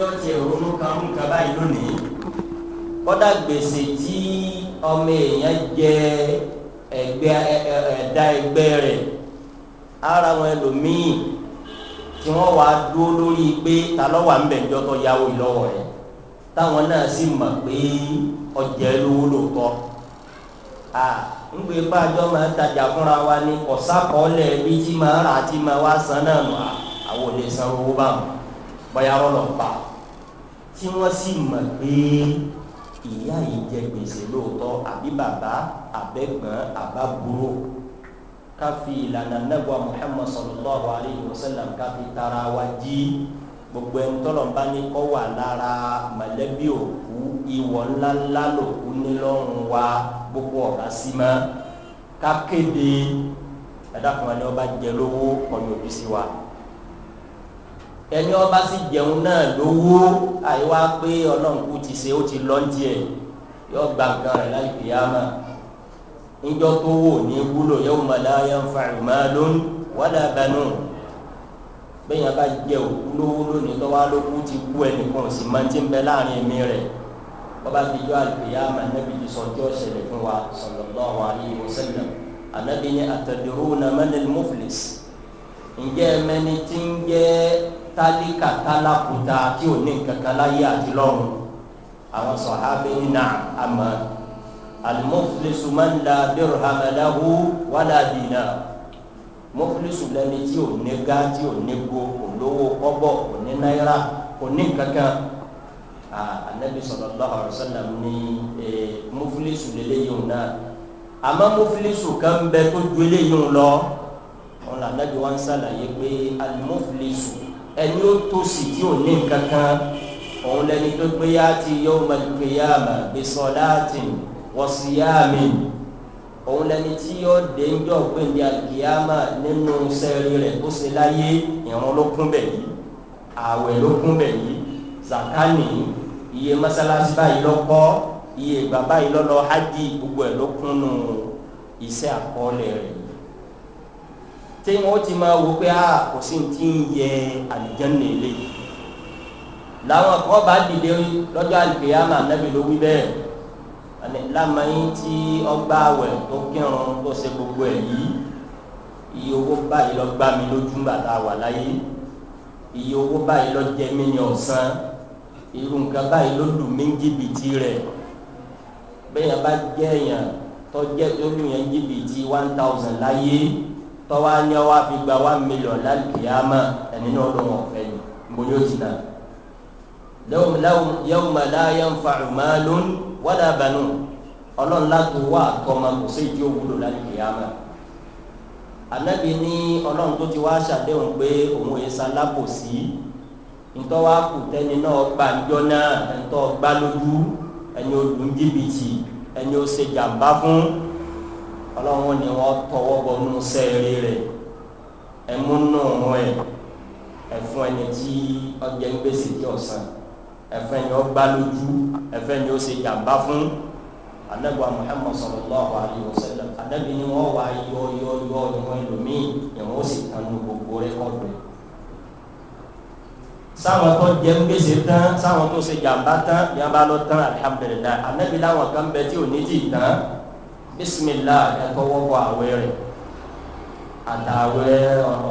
yọ ti ronú kan ń kaba yìí lónìí kọ́dà gbèsè tí ọmọ èèyàn jẹ ẹgbẹ́ ẹ̀dá ẹgbẹ́ rẹ̀ ara wọn ẹlòmíì tí wá dúró lórí pé ta ló wà ń bẹ̀ táwọn náà sì mọ̀ pé ọjà à ńgbé máa tajà fúnra wa ní san náà nù àwọn ò lè san owó báwọn tí wọ́n sì mọ̀ pé ìyá yìí jẹ gbèsè lóòótọ́ àbí bàbá àbẹ̀gbọ́n àbábúrò ká fi ìlànà nẹ́bọ̀ Muhammad sallallahu alayhi wa sallam ká fi tara wa jí gbogbo ẹni tọ́lọ̀ ń bá ní kọ́ wà lára mọ̀lẹ́bí òkú ìwọ̀ ńláńlá lòkú nílọ́run wa gbogbo ọ̀rá sí mọ́ ká kéde ẹ̀dá kan ní ọba jẹ lówó ọ̀yọ́ òbí sí wa ẹni ọba sì jẹun náà lówó àyíwá pé ọlọ́run kú ti ṣe ó ti lọ́ díẹ̀ yọ gba nǹkan rẹ̀ láì fi yáma níjọ́ tó wò ní wúlò yẹ́wò màdá yẹn fa ìmọ̀ lónìí wàdà bẹnu bẹ́ẹ̀ yẹn bá jẹ òkú lówó lónìí tó lókú ti kú ẹnìkan sì máa ti ń bẹ láàrin ẹ̀mí rẹ̀ ọba fi jọ àlùfẹ́yàmà nẹ́bi ti sọ ṣẹlẹ̀ fún wa sọlọ́lọ́ wa ní ìwọ̀sẹ̀lẹ̀ ànábi ní àtẹ̀dúró na mẹ́lẹ̀ mọ́fìlẹ́sì ǹjẹ́ mẹ́ni ti ń tálíkà tálákùtà tí ò ní kankan láyé àti lọ́run àwọn sọ̀hábẹ́ nínà àmọ́ alimọ́filisu máa ń la bẹ́rù hamadáhu wàlá dìnnà mọ́filisu lẹ́ni tí ò ní gá tí ò ní go kò lówó kọ́bọ̀ ní náírà kò ní kankan anabi sallallahu alaihi wasallam ni mọ́filisu lélẹ́yìn náà àmọ́ mọ́filisu kan bẹ tó ju eléyìí lọ wọn lànà bí sàlàyé pé alimọ́filisu ẹni ó tó sì tí ò ní nǹkan kan òun lẹni tó gbé yá ti yawmal qiyamah bi salatin wa siyamin òun lẹni tí yóò dé ń jọ gbẹ̀ndé àlùkìyàmà nínú sẹ́ẹ̀rì rẹ̀ tó ṣe láyé ìrun ló kún bẹ̀ yìí ààwẹ̀ ló kún bẹ̀ yìí zakani iye masalasi báyìí lọ́kọ́ iye ìgbà báyìí lọ́lọ́ hajj gbogbo ẹ̀ ló kún nù iṣẹ́ àkọọ́lẹ̀ rẹ̀ tí wọ́n ti máa wo pé a ah, kò sí ti ń yẹ àlìjẹ́nì lé làwọn kan bá dìde lọ́jọ́ àlìkéyàmà nẹ́bí ló wí bẹ́ẹ̀ lámàáyín tí ọgbà àwẹ̀ tó kírun tó ṣe gbogbo ẹ̀ yìí iye owó báyìí lọ gbá mi lójú ńgbà tá a wà láyé iye owó báyìí lọ jẹ mí ní ọ̀sán irú nǹkan báyìí ló lù mí jìbìtì rẹ̀ bẹ́ẹ̀ yẹn bá jẹ́ èèyàn tó yẹn jìbìtì one thousand láyé tọ́wá ní ọwọ́ àfi gba one million lálùkìyàmà ẹni náà lọ́wọ́ ọ̀fẹ́ ni nbọ̀nyí ó ti nà. yawma la yanfa'u malun wala banun ọlọ́run láti wá àtọ́mọ kò sí ìdí òwúlò lálùkìyàmà. ànábì ní ọlọ́run tó ti wá ṣàdéhùn pé òun èé sa lábòsí ntọ́wá kù tẹ́ni náà gbà ńjọ́ náà ẹ̀ńtọ́ gbá ẹni olùjìbìtì ẹni ó ṣe jàǹbá fún ọlọ́run ni wọ́n tọwọ́ bọ nínú sẹ́ẹ̀rí rẹ̀ ẹ̀mú náà mọ́ ẹ̀ ẹ̀fún ẹni tí ọjà ń gbèsè tí ọ̀sán ẹ̀fún ẹni ó gbá lójú ẹ̀fún ẹni ó ṣe jàmbá fún anabi muhammad sallallahu alayhi wa sallam anabi ni wọn wá yọ yọ yọ ìwọn ẹlòmíì ìwọn ó sì kanu gbogbo rẹkọdù ẹ sáwọn tó jẹ ń gbèsè tán sáwọn tó ṣe jàmbá tán yàmbá lọ tán alihamudulilayi anabi làwọn kan bẹ tí ò ní ti tán bisimilá ẹtọwọbọ àwẹ rẹ àtàwẹ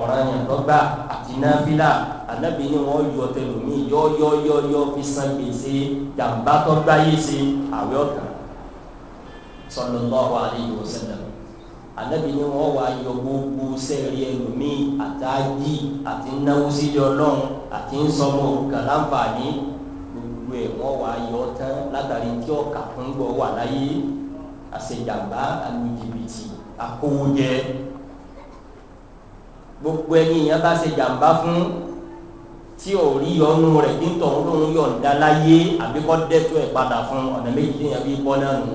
ọ̀ranyàn tọgbà àti náfìlà anabi ni wọn yọ tẹlomi yọyọyọyọ fi san gbèsè jàmbá tọgbà yìí ṣe àwẹ ọkàn sallallahu alayhi wa sallam anabi ni wọn wá yọ gbogbo sẹẹri ẹlòmí àtàjì àti náwó sílẹ Ọlọ́run àti nsọmọ kàlàǹfààní gbogbo ẹ wọn wá yọ tán látàrí tí ọkà fún gbọ wà láyé àṣejàmbá àlùjìbìtì àkówójẹ gbogbo ẹni yẹn bá ṣe jàmbá fún tí ò rí yọnu rẹ̀ bí tọ̀ ń lóun yọ̀ǹda láyé àbí kọ́ dẹ́tọ̀ ẹ̀ padà fún ọ̀nà méjì tí yẹn fi bọ́ náà nù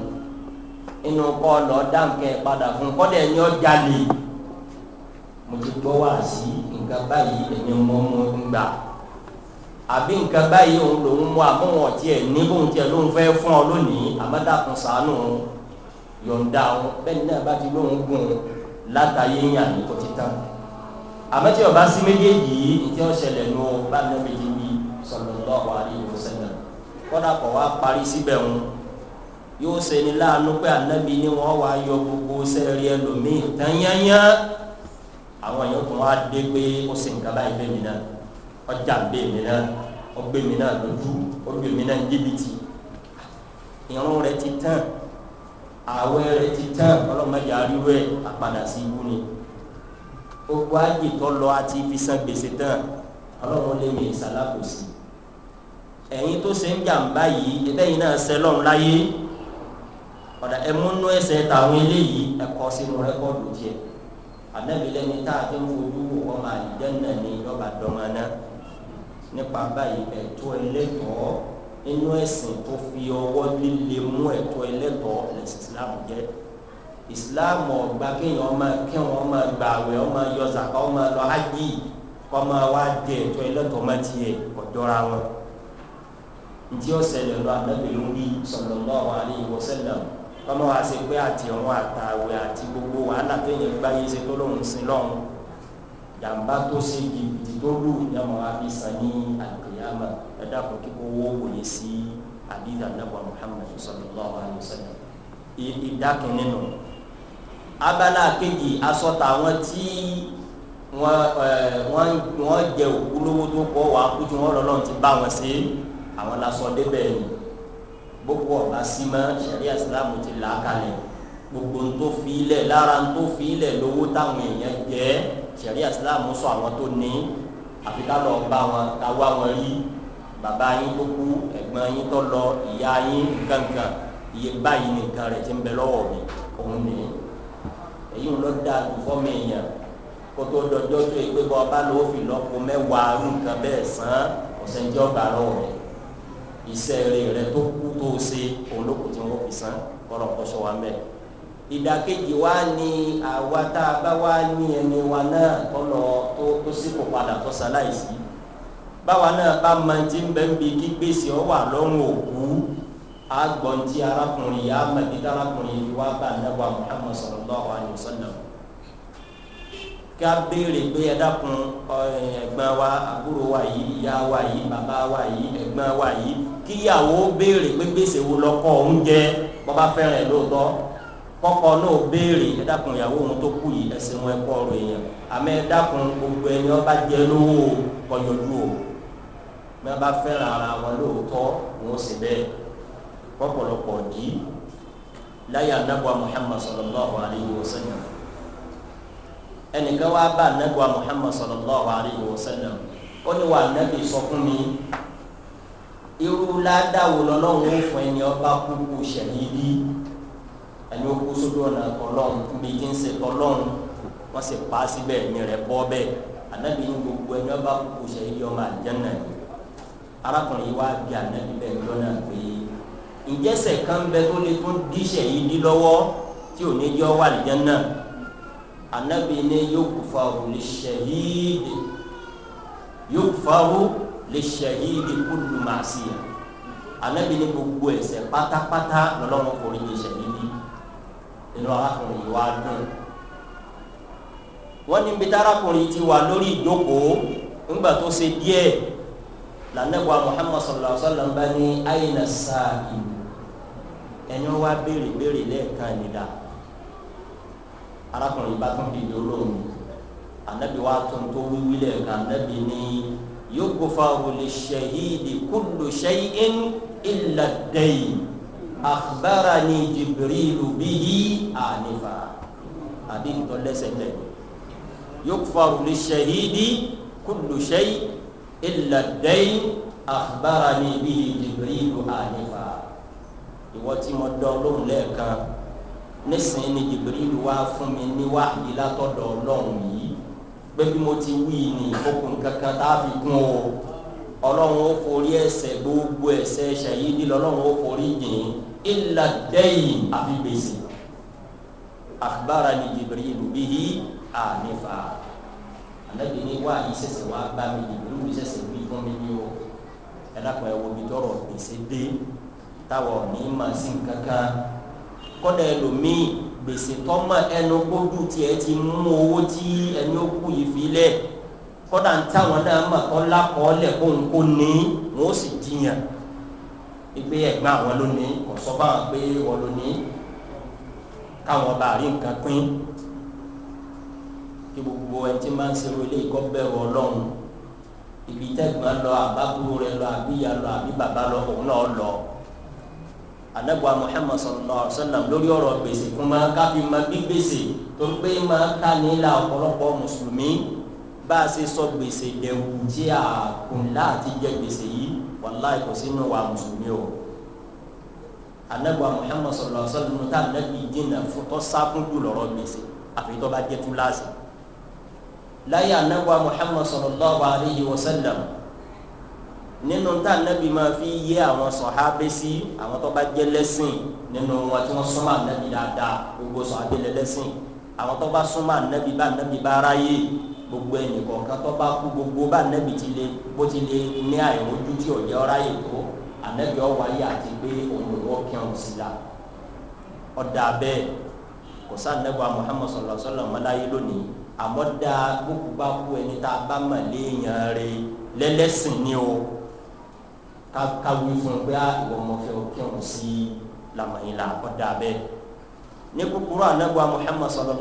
inú kọ́ lọ dáǹkẹ́ ẹ̀ padà fún kọ́dẹ̀ ẹni ọ́ jalè mo ti gbọ́ wá sí nǹkan báyìí ẹni mọ́ ń gbà àbí nǹkan báyìí òun lòun mú àmọ́ wọn tiẹ̀ ní bóun tiẹ̀ lóun fẹ́ fún ọ lónìí àmọ́ dàkún sàánù òun yọ̀ǹda àwọn bẹ́ẹ̀ náà bá ti lóun gùn látàyé yàn ní kò ti tán àmọ́ tí ọba sí méjèèjì yìí ní tí ó ṣẹlẹ̀ nù ó bá nàbí yìí ní sallallahu alaihi wasallam kọ́dà kọ̀ wá parí síbẹ̀ wọn yóò ṣe ní láàánú pé ànábì ni wọ́n wá yọ gbogbo sẹ́ẹ̀rì ẹlòmíì tán yányá àwọn èèyàn kan wá dé pé ó sì ń kaba ìgbé mi náà ọjà gbé mi náà ọgbé mi náà lójú ó gbé mi náà jìbìtì ìrún rẹ ti tán àwẹ̀ rẹ̀ ti tán ọlọ́mọdé arírò ẹ̀ àpadà sí ibú ni gbogbo àjì tó lọ àti fi san gbèsè tán ọlọ́run lè mi ìsàlákòsí ẹ̀yin tó ṣe ń jàǹbá yìí ẹ̀bẹ́yìn náà ṣe lọ́run láyé ọ̀dà ẹ̀múnú ẹ̀sẹ̀ tàwọn eléyìí ẹ̀kọ́ sínú rẹ́kọ́ọ̀dù tiẹ̀ ànábi lẹ́ni tá a ti ń fojú wò wọ́n máa dẹ́nà ní lọ́ba dọ́mọ náà nípa báyìí ẹ̀tọ́ ẹlẹ́tọ̀ọ́ inú ẹ̀sìn tó fi ọwọ́ líle mú ẹ̀tọ́ ẹlẹ́tọ̀ọ́ lẹ́sìn islam jẹ́ islam ọgbà kéèyàn ọmọ kéwọn ọmọ gbàwẹ̀ ọmọ yọzàkà ọmọ lọ hajj kọ́mọ wa jẹ ẹ̀tọ́ ẹlẹ́tọ̀ọ́ má tiẹ̀ ọ̀jọ́ra wọn ntí ó ṣẹlẹ̀ lọ anábìrin wí sallallahu alaihi wasallam kọ́mọ wa ṣe pé àti ọ̀run àtàwẹ̀ àti gbogbo wàhálà téèyàn gbáyé ṣe tó lóun sin lọ́hùn jàǹbá tó ṣe jìbìtì tó lù yàmọ̀ abisa ní àgbéyàmà ẹ̀dá kan kí kò wọ́ wòye sí àbíyá nàbọ̀ muhammed sallallahu alayhi wa sallam ìdákin nínú. abala kejì asọ́ta àwọn tí wọ́n wọ́n jẹ òkú lówó tó kọ́ wàá kú tí wọ́n lọ́lọ́run ti bá wọn ṣe àwọn lasọ débẹ̀ ni gbogbo ọba símọ́ sẹ̀rí ẹ̀sìlámù ti là á gbogbo ń lára ń lówó táwọn èèyàn jẹ́ sẹ̀rí ẹ̀sìláàmù sọ àwọn tó ní àfi ká lọ bá wọn ká wá wọn rí bàbá yín tó kú ẹ̀gbọ́n yín tó lọ ìyá yín kankan iye báyìí nìkan rẹ̀ ti ń bẹ lọ́wọ́ mi òun ni èyí ń lọ da àdúgbò mi yàn kótó dọjọ́ tó yẹ pé bọ́ ọba ló fi lọ́kọ mẹ́wàá rú nǹkan bẹ́ẹ̀ sàn ọ̀sẹ̀njẹ́ ọgbà lọ́wọ́ rẹ̀ iṣẹ́ rẹ̀ tó kú tó ṣe òun ló kù tí wọ́n fi sàn kọ́ lọ́kọ́ sọ wa mẹ́rin ìdàkejì wa ni àwa tá a bá wá ní ẹni wa náà kọ́ lọ tó tó sípò padà tó ṣaláìsí báwa náà bá máa ti ń bẹ́ ń bi lọ́rùn òkú agbọ̀n arákùnrin yà á arákùnrin yìí wá bá nàbà muhammed sallallahu alayhi wa sallam ká béèrè pé ẹ dákun ẹ̀gbọ́n wa àbúrò wa yìí ìyá wa yìí bàbá wa yìí ẹ̀gbọ́n wa yìí kíyàwó béèrè pé gbèsè wo lọ́kọ́ oúnjẹ bọ́ bá fẹ́ràn lóòótọ́ kọ́kọ́ no béèrè ẹ dákun ìyàwó òun tó kú yìí ẹsẹ̀ wọn ẹ̀kọ́ ọ̀rọ̀ èèyàn àmọ́ ẹ dákun gbogbo ẹni ọba jẹ lówó kọyọjú o bí wọn bá ara wọn lóòótọ́ wọn sì bẹ́ẹ̀ pọ̀pọ̀lọpọ̀ dì í láyé muhammad sallallahu alayhi wa sallam ẹnìkan wá bá anagba muhammad sallallahu alayhi wa sallam ó ní wà nẹ́bí sọ fún mi irú ládàá wo fún ẹni ọba kúkú ṣẹ̀yìn bíi ẹni ó kú sójú ọ̀nà ọlọ́run níbi tí ń ṣe ọlọ́run wọ́n sì pa á síbẹ̀ ní rẹ̀ bọ́ bẹ́ẹ̀ ànábì ní gbogbo ẹni ọba kúkú ṣe ilé ọmọ àjẹnà yìí arákùnrin yìí wá bí ànábì bẹ́ẹ̀ lọ́nà pé ìjẹsẹ̀ kan bẹ tó lè tún díṣẹ̀ yìí dí lọ́wọ́ tí ò ní jẹ́ wà àjẹnà ànábì ní yóò kú fa òrùlé ṣẹ̀yíìdì yóò fa òrùlé ṣẹ̀yíìdì kúlùmọ̀ àṣìyà ànábì ní gbogbo ẹ̀ṣẹ̀ pátápátá lọ́lọ́run kò rí ní ṣẹ̀yíìdì inú arákùnrin yìí wá dùn wọ́n ní bí tarakùnrin ti wà lórí ìjókòó ńgbà tó ṣe díẹ̀ lànàgbà muhammad sallallahu alaihi wa sallam bá ní àyìnà sáàkì ẹni wá béèrè béèrè lẹ́ẹ̀kan nìdá arákùnrin bá tún dìde olóhùn anabi wa tún tó wíwí lẹ́ẹ̀kan anabi ní yóò gbófa wòlé ṣẹ̀yí di kúlù ṣẹ́yí ń ilà dẹ́yìn akhbarani jibirilu bihi ànífà àdéhùn tó lẹ́sẹ̀ lẹ̀ yukfaru li shahidi kullu shay illa dayn akhbarani bihi jibirilu ànífà ìwọ tí mo dán lóhùn lẹ́ẹ̀kan nísìnyí ni jibirilu wá fún mi ní wáhìí látọ̀dọ̀ ọlọ́run yìí pé bí mo ti wí ni okùn kankan tá a fi kún o ọlọ́run ó forí ẹsẹ̀ gbogbo ẹsẹ̀ ẹsẹ̀ yìí ní lọ́lọ́run ó forí jìn ilà dẹ́yìn àfi gbèsè àkàbàrà ni jibril bihi ànífà ànábi ní wá yìí sẹ̀sẹ̀ wá bá mi jibril yìí sẹ̀sẹ̀ wí fún mi ní o ẹlẹ́kùn ẹ̀wọ̀ mi tọrọ gbèsè dé táwọn ní ma sí kankan kọ́dà ẹlòmíì gbèsè tọ́mọ ẹnu kó dùn tiẹ̀ ti mú owó tí ẹni ó kú yìí fi lẹ́ẹ̀ kọ́dà ń táwọn náà mọ̀ kọ́ lákọ́ọ́lẹ̀ kó ń kó ní wọ́n sì jiyàn ìgbé ẹ̀gbọ́n àwọn lónìí kò sọ báwọn pé wọ́n lónìí káwọn bá rí nǹkan pín kí gbogbo ẹni tí máa ń ṣerú ilé ìkọ́ bẹ̀rù ọlọ́run ibi tẹ́gbọ́n lọ àbábúrò rẹ lọ àbíyá lọ àbí bàbá lọ òun náà lọ anabu muhammad sallallahu alaihi wa sallam lórí ọ̀rọ̀ gbèsè kó máa ká fi máa bí gbèsè torí pé máa ká nílà ọ̀pọ̀lọpọ̀ mùsùlùmí bá a ṣe sọ gbèsè dẹ̀wù tí a kùn láti jẹ gbèsè yìí wàláì kò sínú wa mùsùlùmí o anagba muhammad sọlọ sọlọ nínú tá anabi dínà fúntọ́ sákúndù lọ́rọ́ gbèsè àfihàn bá jẹ́ túláàsì láyé anagba muhammad sọlọ lọ́wọ́ aleyhi wa sẹlẹm nínú tá anabi máa fi yé àwọn sọ̀hábẹ́ sí àwọn tó bá jẹ́ lẹ́sìn nínú wọn tí wọ́n súnmọ́ anabi dáadáa gbogbo sọ̀hábẹ́ lẹ́sìn àwọn tó bá súnmọ́ anabi bá anabi bá aráyé gbogbo ẹnì kọ̀ọ̀kan tó bá kú gbogbo bá nẹ́bi ti le bó ti le ní àìmójú tí ò jẹ́ ọ́ráyè tó ànẹ́bi ọ̀wáyé àti pé òun ò kẹrùn sí la ọ̀dà bẹ́ẹ̀ kò sáà nẹ́bi wa muhammed sọlọ sọlọ mọ́láyé lónìí àmọ́ da gbogbo bá kú ẹni tá a bá mọ̀ léèyàn rẹ lẹ́lẹ́sìn ni o ká wí fún un pé àwọn ah, ọmọ fẹ́ kẹrùn sí lamọ̀yìn la ọ̀dà bẹ́ẹ̀ ní kúkúrú ànẹ́bi wa muhammed sọlọ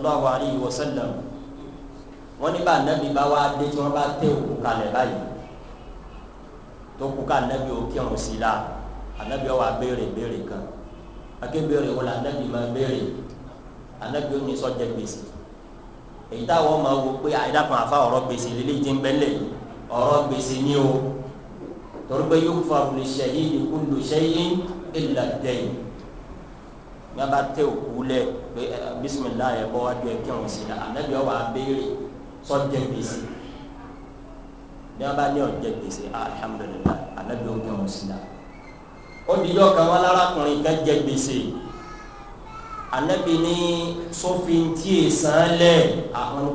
wọ́n ní bá anabi bá wá dé tí wọ́n bá tẹ òkú kalẹ̀ báyìí tó kú ká anabi ò kírun sí la anabi ọ̀ wá béèrè béèrè kan akébeere wọn la anabi máa béèrè anabi ò ní sọjẹ gbèsè èyí táwọn máa wo pé àyíká kan àfa ọ̀rọ̀ gbèsè lélẹ́yìí ti ń bẹ́lẹ̀ ọ̀rọ̀ gbèsè ní o torí pé yóò fa olè sẹ́yìn ìkúndùn sẹ́yìn ìlà dẹ́yìn ní a bá tẹ òkú lẹ bisimilayi ẹ bọ́ wájú ẹ kírun sí la anabi ọ̀ béèrè sọjẹ gbèsè ní abá ní ọjẹ gbèsè alihamudulilayi anabi oge musila ó di yọ kan wọn lárakùnrin kan jẹ gbèsè anabi ní sófin tí èsàn lẹ àwọn